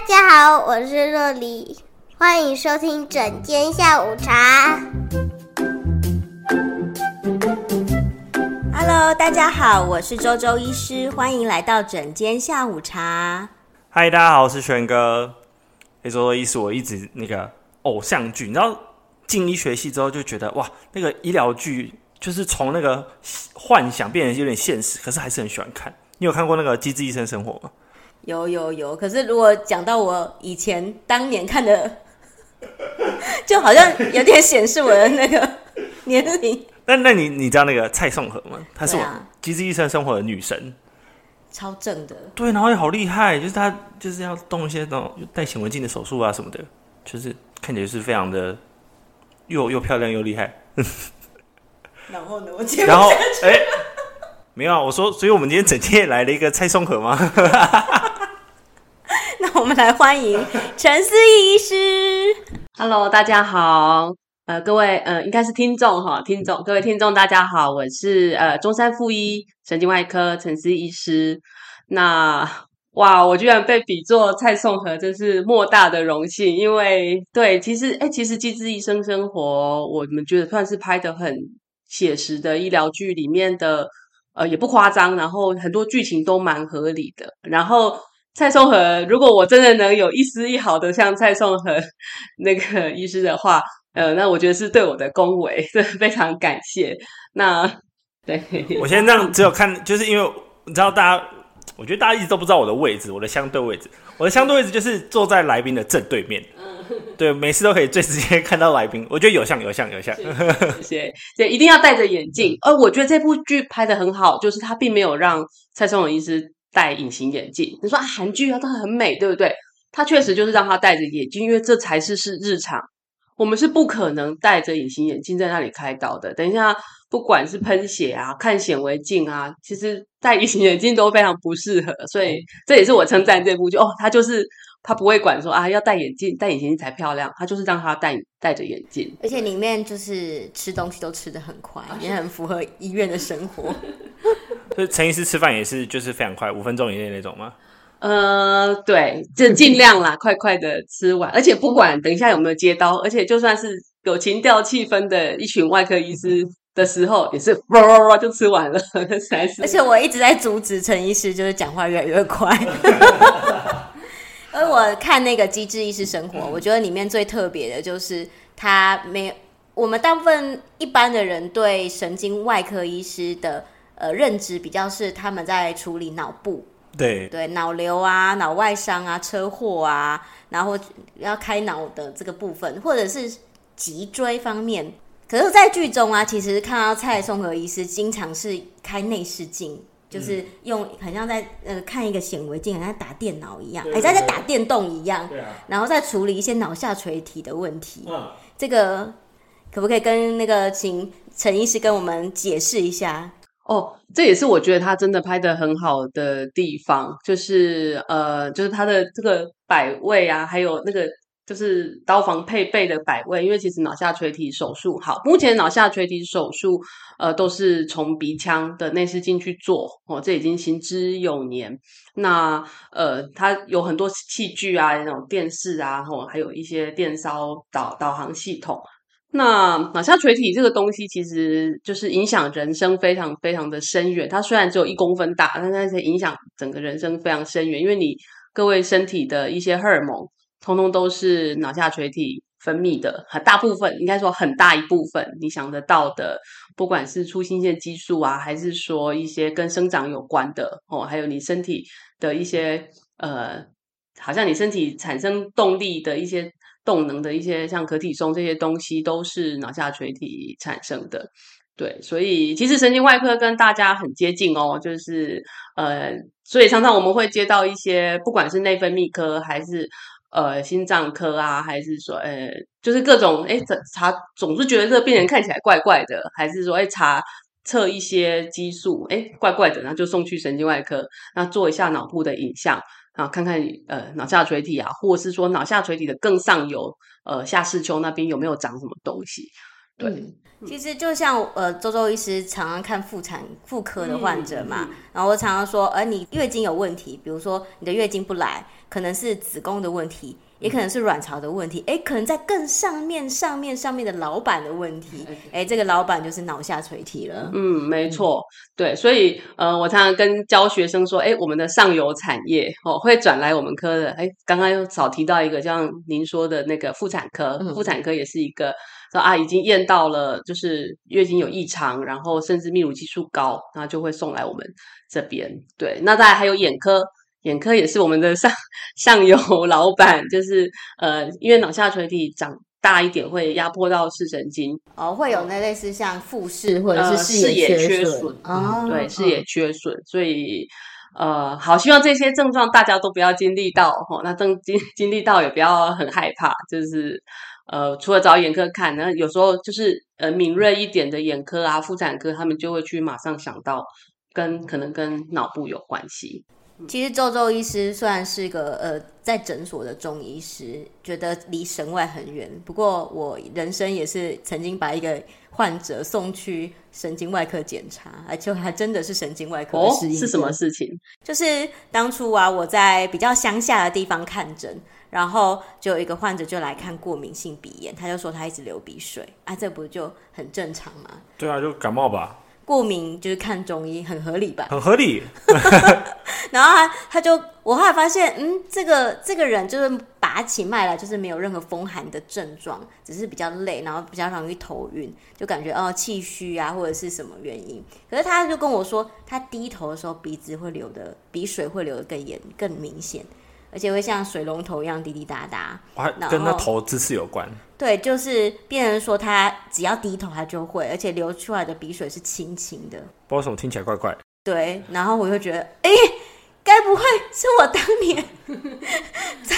大家好，我是若黎，歡迎收聽診間下午茶。Hello，大家好，我是周周醫師，歡迎來到診間下午茶。Hi，大家好，我是軒哥。哎、hey，周周醫師，我一直那個偶像劇，你知道進醫學系之後就覺得哇，那個醫療劇就是從那個幻想變成有點現實，可是還是很喜歡看。你有看過那個《機智醫生生活》嗎？有有有，可是如果講到我以前當年看的，就好像有點顯示我的那個年齡。 那那你你知道那個蔡頌和嗎？他是我機智醫生生活的女神，啊，超正的。對，然後也好厲害，就是他就是要動一些那種帶顯微鏡的手術啊什麼的，就是看起來就是非常的又又漂亮又厲害。 然後呢，我，我去然後哎、欸，沒有啊，我說，所以我們今天整天也來了一個蔡頌和嗎？ 我們來歡迎陳斯逸醫師。 Hello，大家好，呃，各位呃，應該是聽眾哈，聽眾，各位聽眾，大家好，我是呃中山附一神經外科陳斯逸醫師。那哇，我居然被比作蔡頌和，真是莫大的榮幸。因為，對，其實誒其實《機智醫生生活》我們覺得算是拍的很寫實的醫療劇裡面的，呃，也不誇張，然後很多劇情都蠻合理的，然後。蔡頌和，如果我真的能有一絲一毫的像蔡頌和那個醫師的話，呃，那我覺得是對我的恭維，對，非常感謝。那對我現在這樣，只有看， 就是因為你知道，大家，我覺得大家一直都不知道我的位置，我的相對位置，我的相對位置就是坐在來賓的正對面。對，每次都可以最直接看到來賓。我覺得有像，有像，有像。 謝謝，一定要戴着眼鏡。而我覺得這部劇拍得很好，就是它並沒有讓蔡頌和醫師。戴隱形眼鏡，你說韓劇啊，它很美，對不對？它確實就是讓他戴着眼鏡，因為這才是是日常。我們是不可能戴着隱形眼鏡在那裡開刀的。等一下，不管是噴血啊，看顯微鏡啊，其實戴隱形眼鏡都非常不適合。所以這也是我稱讚這部劇哦，他就是他不會管說啊，要戴眼鏡，戴隱形才漂亮，他就是讓他戴戴着眼鏡。而且裡面就是吃東西都吃得很快，也很符合醫院的生活。 陳醫師吃飯也是就是非常快，五分鐘以內那種嗎？呃，對，就盡量啦， 快快的吃完。而且不管等一下有沒有接刀，而且就算是有情調氣氛的一群外科醫師的時候，嗯、也是唰就吃完了是。而且我一直在阻止陳醫師，就是講話越來越快。 而我看那個《機智醫師生活》嗯，我覺得裡面最特別的就是他沒我們大部分一般的人對神經外科醫師的。呃，認知比較是他們在處理腦部，對對，腦瘤啊、腦外傷啊、車禍啊，然後要開腦的這個部分，或者是脊椎方面。可是，在劇中啊，其實看到蔡頌和醫師經常是開內視鏡、嗯，就是用，好像在呃看一個顯微鏡，好像打電腦一樣，很像、欸、在打電動一樣，對啊、然後再處理一些腦下垂體的問題。啊、這個可不可以跟那個請陳醫師跟我們解釋一下？哦，這也是我覺得他真的拍的很好的地方，就是呃，就是他的這個擺位啊，還有那個就是刀房配備的擺位，因為其實腦下垂體手術，好，目前腦下垂體手術呃都是從鼻腔的內視鏡進去做，哦，這已經行之有年。那呃，它有很多器具啊，那種電視啊，然、哦、還有一些電燒導導航系統。那腦下垂體這個東西其實就是影響人生非常非常的深遠。它雖然只有一公分大，但它影響整個人生非常深遠。因為你各位身體的一些荷爾蒙，通通都是腦下垂體分泌的，很大部分應該說很大一部分。你想得到的，不管是促性腺激素啊，還是說一些跟生長有關的哦，還有你身體的一些呃，好像你身體產生動力的一些。動能的一些像可體松這些東西都是腦下垂體產生的，對，所以其實神經外科跟大家很接近哦，就是呃，所以常常我們會接到一些不管是內分泌科還是呃心臟科啊，還是說呃就是各種哎，查總是覺得這個病人看起來怪怪的，還是說誒查測一些激素誒怪怪的，然後就送去神經外科那做一下腦部的影像。啊，看看呃腦下垂體啊，或者是說腦下垂體的更上游，呃下視丘那邊有沒有長什麼東西？對，嗯、其實就像呃周周醫師常常看婦產婦科的患者嘛，嗯嗯，然後我常常說，哎、呃，你月經有問題，比如說你的月經不來，可能是子宮的問題。也可能是卵巢的問題，哎，可能在更上面上面上面的老板的問題，哎，這個老板就是腦下垂體了。嗯，沒錯，對，所以呃，我常常跟教學生說，哎，我們的上游產業哦會轉來我們科的，哎，剛剛又少提到一個，像您說的那個婦產科，嗯、婦產科也是一個說啊，已經驗到了就是月經有異常，然後甚至泌乳激素高，然後就會送來我們這邊。對，那大家還有眼科。眼科也是我們的上上游老板，就是呃，因為腦下垂體長大一點會壓迫到視神經哦，會有那類似像複視或者是視野缺損，呃、視野缺損哦，嗯、對、嗯，視野缺損，所以呃，好，希望這些症狀大家都不要經歷到哦，那經經經歷到也不要很害怕，就是呃，除了找眼科看，那有時候就是呃，敏銳一點的眼科啊、婦產科，他們就會去馬上想到跟可能跟腦部有關係。其實周周醫師算是個呃在診所的中醫師，覺得離神外很遠。不過我人生也是曾經把一個患者送去神經外科檢查，而且還真的是神經外科。哦？是什麼事情？就是當初啊，我在比較鄉下的地方看診，然後就有一個患者就來看過敏性鼻炎，他就說他一直流鼻水啊，這不就很正常嗎？對啊，就感冒吧。過敏就是看中醫很合理吧？很合理。 然後他他就我後來發現，嗯，這個這個人就是把起脈來就是沒有任何風寒的症狀，只是比較累，然後比較容易頭暈，就感覺哦氣虛啊或者是什麼原因。可是他就跟我說，他低頭的時候鼻子會流的鼻水會流的更嚴更明顯。而且會像水龍頭一樣滴滴答答，啊、跟那頭姿勢有關。對，就是變人成說他只要低頭，他就會，而且流出來的鼻水是清清的。不知道什麼，聽起來怪怪？對，然後我就覺得，哎、欸，該不會是我當年 在。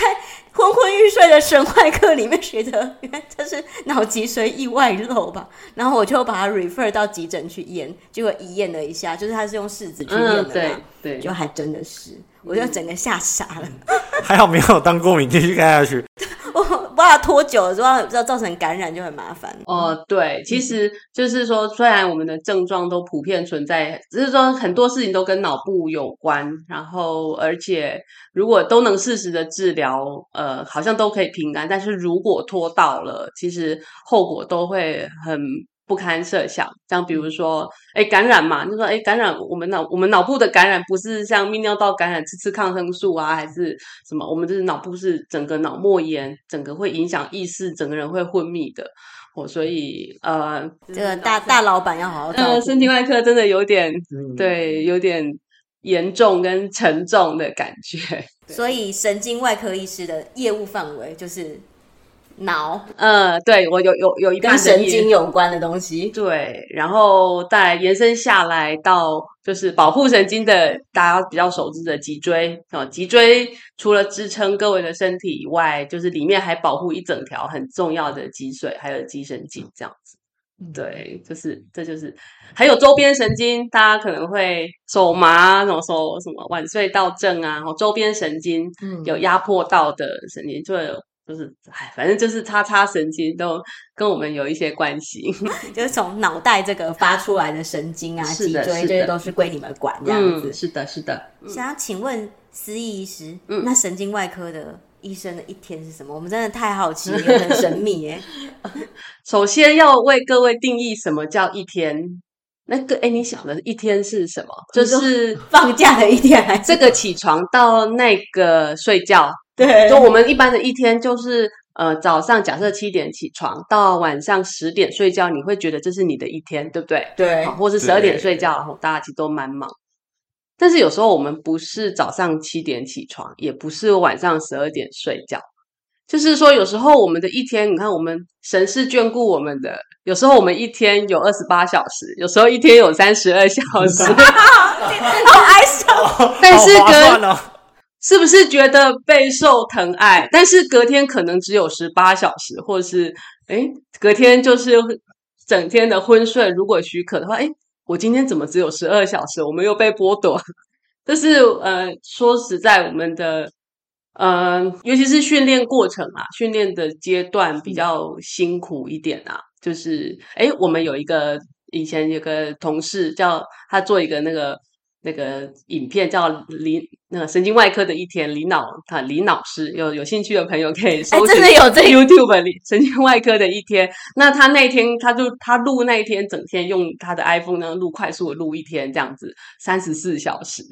昏昏欲睡的神外課裡面學的，原來他是腦脊髓液外漏吧？然後我就把他 refer 到急診去驗，結果一驗了一下，就是他是用試紙去驗的嘛、嗯，就還真的是，我就整個嚇傻了。嗯、 還好沒有當過敏，繼續看下去。不要拖久了，之後造成感染就很麻煩。哦、oh，對，其實就是說，雖然我們的症狀都普遍存在，就是說很多事情都跟腦部有關，然後而且如果都能適時的治療，呃，好像都可以平安。但是如果拖到了，其實後果都會很不堪設想，像比如說，哎、欸，感染嘛，就是、說，哎、欸，感染我們腦我們腦部的感染，不是像泌尿道感染吃吃抗生素啊，還是什麼？我們就是腦部是整個腦膜炎，整個會影響意識，整個人會昏迷的。哦，所以呃，這個大大老闆要好好。嗯、呃，神經外科真的有點對，有點嚴重跟沉重的感覺。所以神經外科醫師的業務範圍就是。腦、呃，呃對，我有有有一個跟神經有關的東西，對，然後再延伸下來到就是保護神經的，大家比較熟知的脊椎、哦、脊椎除了支撐各位的身體以外，就是裡面還保護一整條很重要的脊髓，還有脊神經這樣子，對，就是這就是還有周邊神經，大家可能會手麻，怎麼什麼腕隧道症啊，哦，周邊神經嗯有壓迫到的神經、嗯、就有。就是，哎，反正就是叉叉神經都跟我們有一些關係， 就是從腦袋這個發出來的神經啊，是的脊椎這個都是歸你們管、嗯、這樣子。是的，是的。想要請問斯逸醫師，那神經外科的醫生的一天是什麼？嗯、我們真的太好奇，也很神秘耶。 首先要為各位定義什麼叫一天？那個，哎、欸，你想的一天是什麼？嗯、就是放假的一天， 還是這個起床到那個睡覺？對，就我們一般的一天就是，呃，早上假設七點起床到晚上十點睡覺，你會覺得這是你的一天，對不對？對，哦、或是十二點睡覺、哦，大家其實都蠻忙。但是有時候我們不是早上七點起床，也不是晚上十二點睡覺，就是說有時候我們的一天，你看我們神是眷顧我們的，有時候我們一天有二十八小時，有時候一天有三十二小時， 好哀傷， 但是跟。是不是覺得備受疼愛？但是隔天可能只有十八小時，或者是哎，隔天就是整天的昏睡。如果許可的話，哎，我今天怎麼只有十二小時？我們又被剝奪。但是呃，說實在，我們的呃，尤其是訓練過程啊，訓練的階段比較辛苦一點啊。就是哎，我們有一個以前有個同事，叫他做一個那個。那個影片叫《李那個、神經外科的一天》，李老他李老師有有興趣的朋友可以搜真的有這個、YouTube《神經外科的一天》。那他那天他就他錄那一天整天用他的 iPhone 呢錄快速的錄一天這樣子，三十四小時。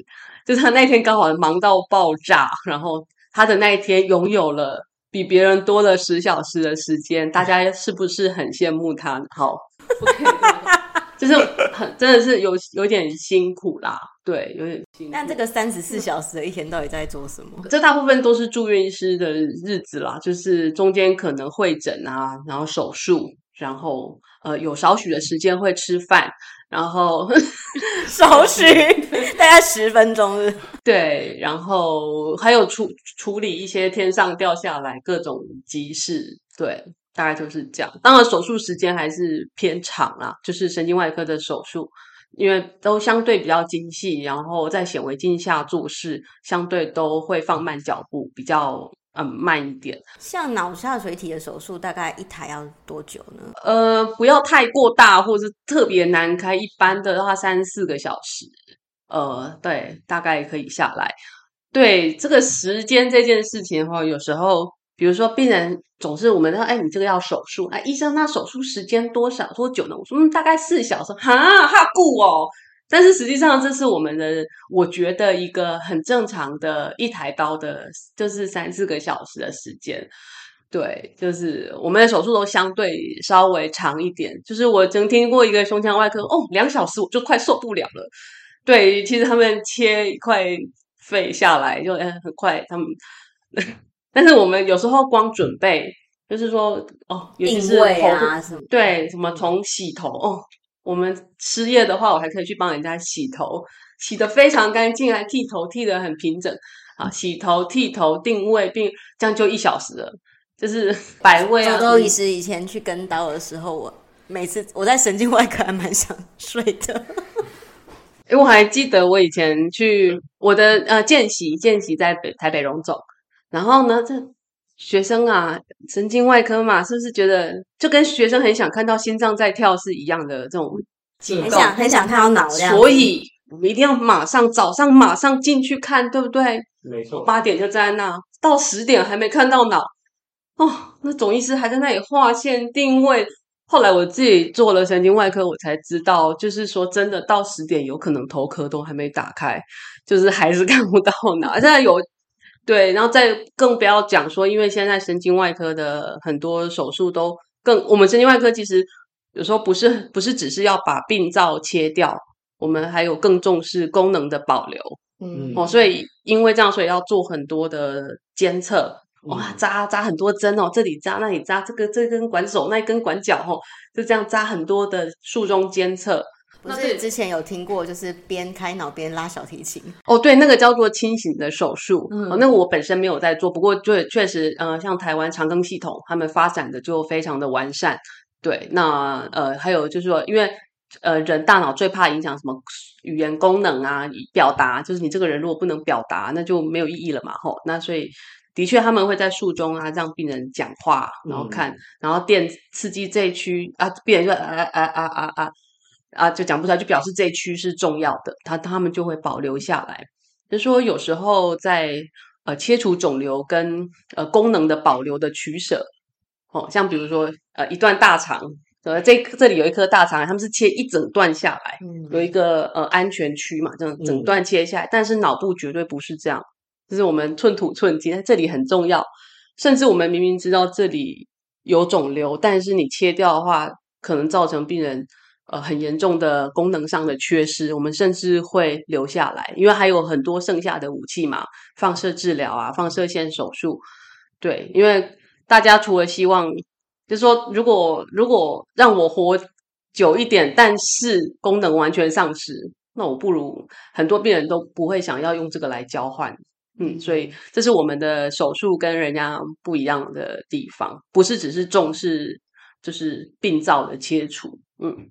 就是他那天剛好忙到爆炸，然後他的那一天擁有了比別人多了十小時的時間。大家是不是很羨慕他？好，不可以 就是很真的是有有點辛苦啦。對，有點。那這個三十四小時的一天到底在做什麼？嗯。這大部分都是住院醫師的日子啦，就是中間可能會診啊，然後手術，然後呃，有少許的時間會吃飯，然後少許 手術 大概十分鐘。 對，然後還有處處理一些天上掉下來各種急事，對，大概就是這樣。當然，手術時間還是偏長啦，就是神經外科的手術。因為都相對比較精細，然後在顯微鏡下做事，相對都會放慢腳步，比較嗯慢一點。像腦下垂體的手術，大概一台要多久呢？呃，不要太過大或是特別難開，一般的的話三四個小時。呃，對，大概可以下來。對這個時間這件事情的話有時候。比如說，病人總是我們說，哎，你這個要手術，哎、啊，醫生，那手術時間多少多久呢？我說，嗯、大概四小時哈、啊，哈固哦。但是實際上，這是我們的，我覺得一個很正常的一台刀的，就是三四個小時的時間。對，就是我們的手術都相對稍微長一點。就是我曾聽過一個胸腔外科，哦，兩小時我就快受不了了。對，其實他們切一塊肺下來，就很快他們。呵呵但是我們有時候光準備，就是說哦，定位啊什麼對什麼從洗頭哦，我們失業的話，我還可以去幫人家洗頭，洗得非常乾淨，還剃頭剃得很平整啊，洗頭剃頭定位，並將就一小時了，就是擺位、啊。周醫師以前去跟刀的時候，我每次我在神經外科還蠻想睡的，因 為我還記得我以前去我的呃見習見習在北台北榮總。然後呢，這學生啊，神經外科嘛，是不是覺得就跟學生很想看到心臟在跳是一樣的這種？很想很想看到腦，所以我們一定要馬上早上馬上進去看，對不對？沒錯，八點就在那，到十點還沒看到腦哦。那總醫師還在那裡劃線定位。後來我自己做了神經外科，我才知道，就是說真的，到十點有可能頭殼都還沒打開，就是還是看不到腦。現 在有。對，然後再更不要講說，因為現在神經外科的很多手術都更，我們神經外科其實有時候不是，不是只是要把病灶切掉，我們還有更重視功能的保留，嗯，哦，所以因為這樣，所以要做很多的監測，哇，扎扎很多針哦，這裡扎，那裡扎，這個這根管手，那根管腳哦，就這樣扎很多的術中監測。不是之前有聽過，就是邊開腦邊拉小提琴哦。對，那個叫做清醒的手術。嗯、哦、那個、我本身沒有在做，不過就確實，嗯、呃，像台灣長庚系統，他們發展的就非常的完善。對，那呃，還有就是說，因為呃，人大腦最怕影響什麼語言功能啊，表達。就是你這個人如果不能表達，那就沒有意義了嘛。吼，那所以的確，他們會在術中啊，讓病人講話，然後看、嗯，然後電刺激這一區啊，病人就啊啊啊啊啊，啊。啊，就講不出來，就表示這一區是重要的，他他們就會保留下來。就是說有時候在呃切除腫瘤跟呃功能的保留的取捨，哦，像比如說呃一段大腸，呃這這裡有一顆大腸，他們是切一整段下來，有一個呃安全區嘛，這樣整段切下來，嗯，但是腦部絕對不是這樣，就是我們寸土寸金，這裡很重要，甚至我們明明知道這裡有腫瘤，但是你切掉的話，可能造成病人。呃，很嚴重的功能上的缺失，我們甚至會留下來，因為還有很多剩下的武器嘛，放射治療啊，放射線手術，對，因為大家除了希望，就是說，如果如果讓我活久一點，但是功能完全喪失，那我不如，很多病人都不會想要用這個來交換，嗯，嗯，所以這是我們的手術跟人家不一樣的地方，不是只是重視就是病灶的切除，嗯。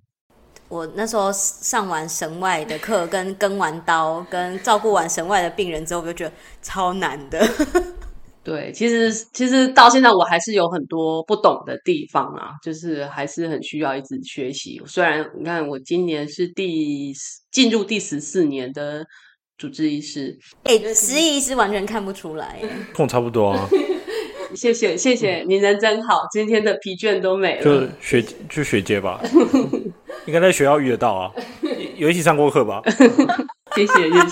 我那時候上完神外的課，跟跟完刀，跟照顧完神外的病人之後，我就覺得超難的 。對，其實其實到現在我還是有很多不懂的地方啊，就是還是很需要一直學習。雖然你看我今年是第進入第十四年的主治醫師，誒，實習醫師完全看不出來，欸，跟我差不多啊。 謝謝謝謝，你人真好，嗯、今天的疲倦都沒了。就學去學姐吧， 應該在學校遇得到啊，有 一起上過課吧 謝謝？謝謝謝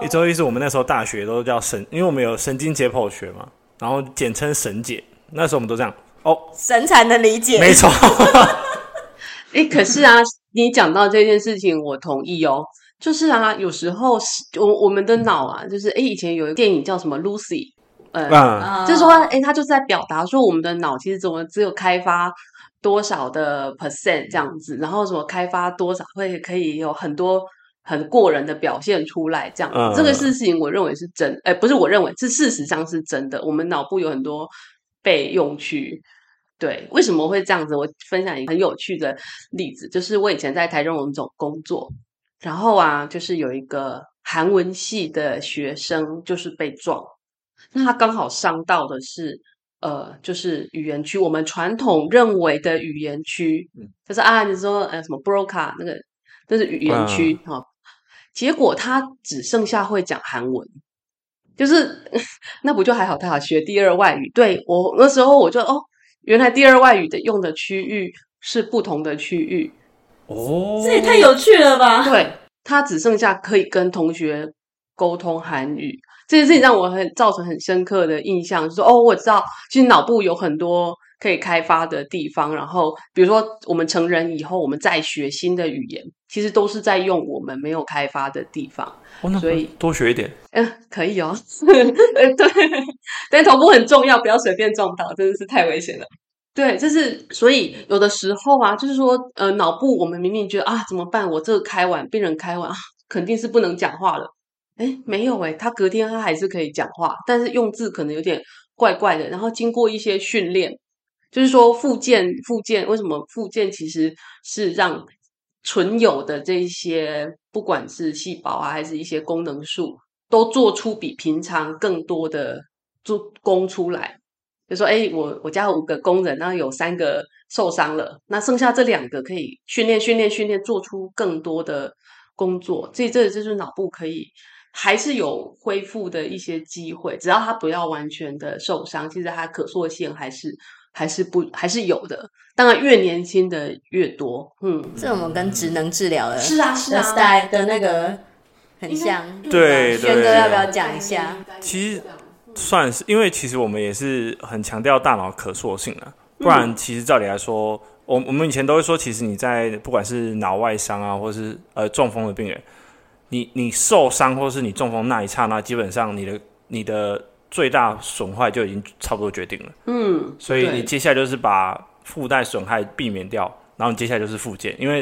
謝，一周一是我們那時候大學都叫神，因為我們有神經解剖學嘛，然後簡稱神解。那時候我們都這樣哦，神才能理解，沒錯。哎、 欸，可是啊，你講到這件事情，我同意哦。就是啊，有時候我我們的腦啊，就是哎、欸，以前有一個電影叫什麼《Lucy》。嗯，uh, 就是說，哎，他就是在表達說，我們的腦其實怎麼只有開發多少的 percent 這樣子，然後什麼開發多少會可以有很多很過人的表現出來這樣子。Uh, 這個事情我認為是真，哎，不是我認為是事實上是真的。我們腦部有很多備用區。對，為什麼會這樣子？我分享一個很有趣的例子，就是我以前在台中總工作，然後啊，就是有一個韓文系的學生，就是被撞。那他剛好傷到的是，呃，就是語言區。我們傳統認為的語言區，就是啊，你說呃什麼 Broca 那個，這是語言區哈、啊哦。結果他只剩下會講韓文，就是那不就還好，他好學第二外語。對，我那時候我就哦，原來第二外語的用的區域是不同的區域哦，這也太有趣了吧？對，他只剩下可以跟同學溝通韓語。這件事情讓我很造成很深刻的印象，就是說哦，我知道，其實腦部有很多可以開發的地方。然後，比如說我們成人以後，我們再學新的語言，其實都是在用我們沒有開發的地方。哦，那所以多學一點，嗯，呃，可以哦。 對，但是頭部很重要，不要隨便撞到，真的是太危險了。對，就是所以有的時候啊，就是說呃，腦部我們明明覺得啊，怎麼辦？我這個開完病人開完啊，肯定是不能講話了。哎，沒有哎，他隔天他還是可以講話，但是用字可能有點怪怪的。然後經過一些訓練，就是說復健復健。為什麼復健其實是讓存有的這一些，不管是細胞啊，還是一些功能素，都做出比平常更多的做工出來。比如說，哎，我我家五個工人，然後有三個受傷了，那剩下這兩個可以訓練訓練訓練，做出更多的工作。這這這就是腦部可以。還是有恢復的一些機會，只要他不要完全的受傷，其實他可塑性還是還是不還是有的。當然，越年輕的越多，嗯，嗯，這種跟職能治療的，是啊是啊，的那個很像。嗯、對，軒、嗯、哥要不要講一下？其實算是，因為其實我們也是很強調大腦可塑性了、啊。不然，其實照理來說，我、嗯、我們以前都會說，其實你在不管是腦外傷啊，或是呃中風的病人。你你受傷或是你中風那一剎那，基本上你的你的最大損壞就已經差不多決定了。嗯，所以你接下來就是把附帶損害避免掉，然後你接下來就是復健，因為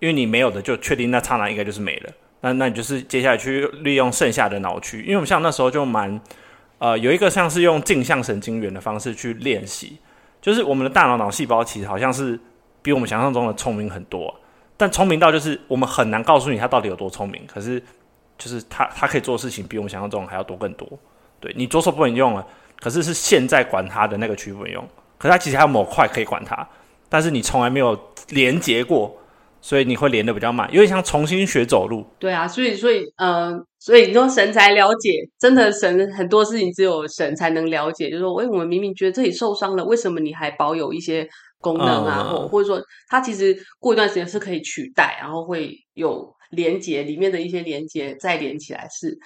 因為你沒有的就確定那剎那應該就是沒了。那那你就是接下來去利用剩下的腦區，因為我們像那時候就蠻呃有一個像是用鏡像神經元的方式去練習，就是我們的大腦腦細胞其實好像是比我們想象中的聰明很多啊。但聰明到就是我們很難告訴你他到底有多聰明，可是就是他他可以做的事情比我們想象中的還要多更多。對，你左手不能用了，可是是現在管他的那個區不能用，可是他其實還有某塊可以管他，但是你從來沒有連接過，所以你會連的比較慢，因為像重新學走路。對啊，所以所以呃，所以你說神才了解，真的神很多事情只有神才能了解，就是說，為、欸、我們明明覺得自己受傷了，為什麼你還保有一些？功能啊，或、uh, uh. 或者說，它其實過一段時間是可以取代，然後會有連接裡面的一些連接再連起來是，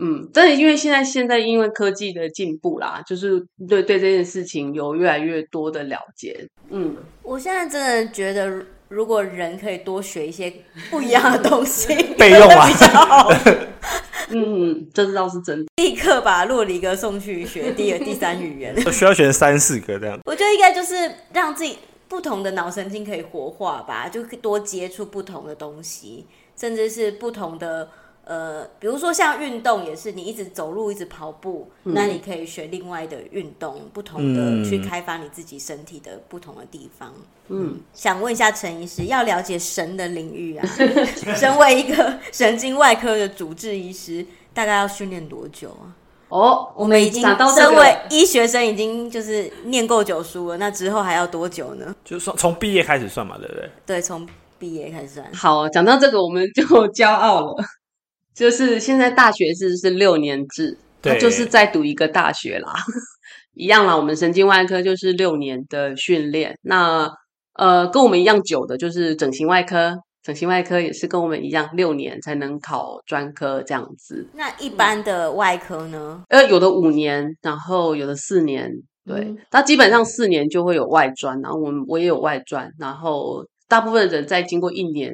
嗯，但是因為現在現在因為科技的進步啦，就是對對這件事情有越來越多的了解，嗯，我現在真的覺得。如果人可以多學一些不一樣的東西，備用比較好。啊、 嗯，這倒是真的。立刻把洛離哥送去學第二、第三語言， 需要學三四個這樣。我覺得應該就是讓自己不同的腦神經可以活化吧，就多接觸不同的東西，甚至是不同的。呃，比如說像運動也是，你一直走路，一直跑步，嗯，那你可以學另外的運動，不同的去開發你自己身體的不同的地方。嗯，嗯，想問一下陳醫師，要了解神的領域啊， 身為一個神經外科的主治醫師，大概要訓練多久啊？哦，我們已經身為醫學生已經就是念夠久書了，那之後還要多久呢？就算從畢業開始算嘛，對不對？對，從畢業開始算。好，啊，講到這個我們就驕傲了。就是現在大學是是六年制，對，他就是在讀一個大學啦， 一樣啦。我們神經外科就是六年的訓練，那呃，跟我們一樣久的就是整形外科，整形外科也是跟我們一樣六年才能考專科這樣子。那一般的外科呢？嗯、呃，有的五年，然後有的四年，對，他、嗯、基本上四年就會有外專，然後我們我也有外專，然後大部分的人在經過一年，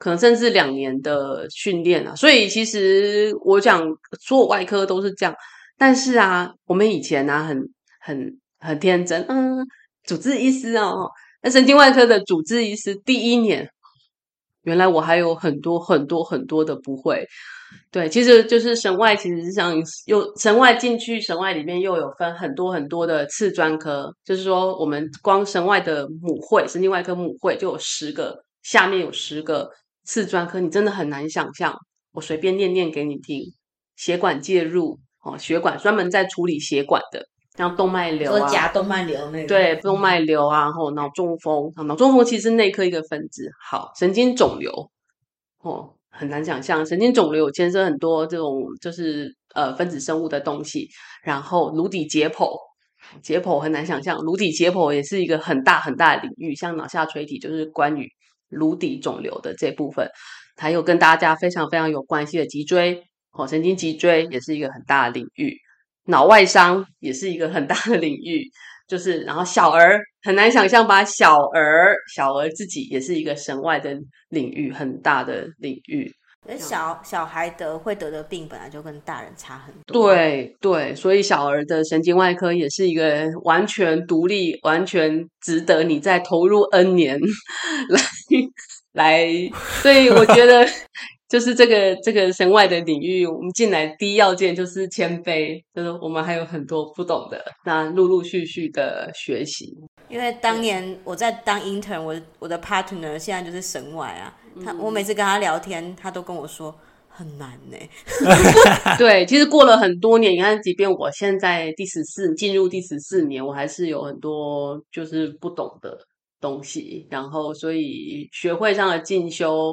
可能甚至兩年的訓練啊，所以其實我想做外科都是這樣。但是啊，我們以前呢、啊，很很很天真，嗯，主治醫師啊，那神經外科的主治醫師第一年，原來我還有很多很多很多的不會。對，其實就是神外，其實像有神外進去，神外裡面又有分很多很多的次專科，就是說我們光神外的母會神經外科母會，就有十個，下面有十個。四專科你真的很難想象，我隨便念念給你聽，血管介入哦，血管專門在處理血管的，像動脈瘤啊，夾動脈瘤那種，對，動脈瘤啊，然後腦中風，腦中風其實是內科一個分支，好神經腫瘤哦，很難想象，神經腫瘤牽涉很多這種就是呃分子生物的東西，然後顱底解剖，解剖很難想象，顱底解剖也是一個很大很大的領域，像腦下垂體就是關於。顱底腫瘤的這部分，還有跟大家非常非常有關係的脊椎，哦，神經脊椎也是一個很大的領域，腦外傷也是一個很大的領域，就是，然後小兒，很難想象吧，把小兒小兒自己也是一個神外的領域，很大的領域。小小孩得會得的病，本來就跟大人差很多。對對，所以小兒的神經外科也是一個完全獨立、完全值得你再投入 N 年來來。所以我覺得，就是這個 是、這個、這個神外的領域，我們進來第一要件就是謙卑，就是我們還有很多不懂的，那陸陸續續的學習。因為當年我在當 intern，我我的 partner 現在就是神外啊，他我每次跟他聊天，他都跟我說很難呢、欸。 對，其實過了很多年，你看，即便我現在第十四進入第十四年，我還是有很多就是不懂的東西，然後所以學會上的進修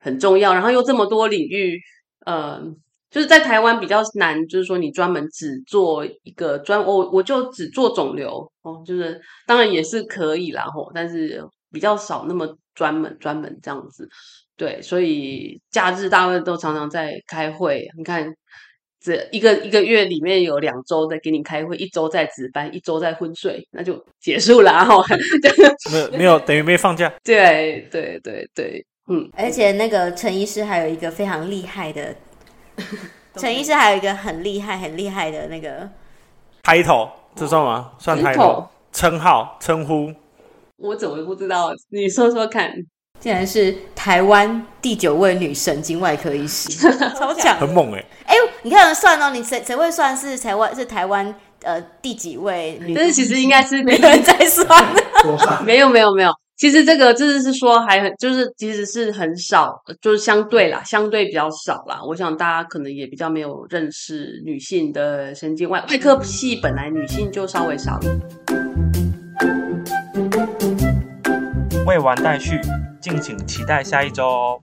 很重要，然後又這麼多領域，嗯、呃。就是在台灣比較難，就是說你專門只做一個專，我我就只做腫瘤哦，就是當然也是可以啦吼，但是比較少那麼專門專門這樣子，對，所以假日大部分都常常在開會。你看，這一個一個月裡面有兩週在給你開會，一週在值班，一週在昏睡，那就結束了吼。嗯、 沒有沒有，等於沒放假。對對對對，嗯，而且那個陳醫師還有一個非常厲害的。陳 醫師還有一個很厲害、很厲害的那個 title，這算嗎？哦、算 title 稱號、稱呼？我怎麼也不知道？你說說看，竟然是台灣第九位女神經外科醫師， 超強，很猛哎、欸！哎、欸，你看算哦、喔，你誰誰會算是台灣？是台灣呃第幾位女神？但是其實應該是沒人在算的， 沒有，沒有，沒有。其實這個就是是說還很就是其實是很少，就是相對啦，相對比較少啦。我想大家可能也比較沒有認識女性的神經外外科系，本來女性就稍微少了。未完待續，敬請期待下一周哦。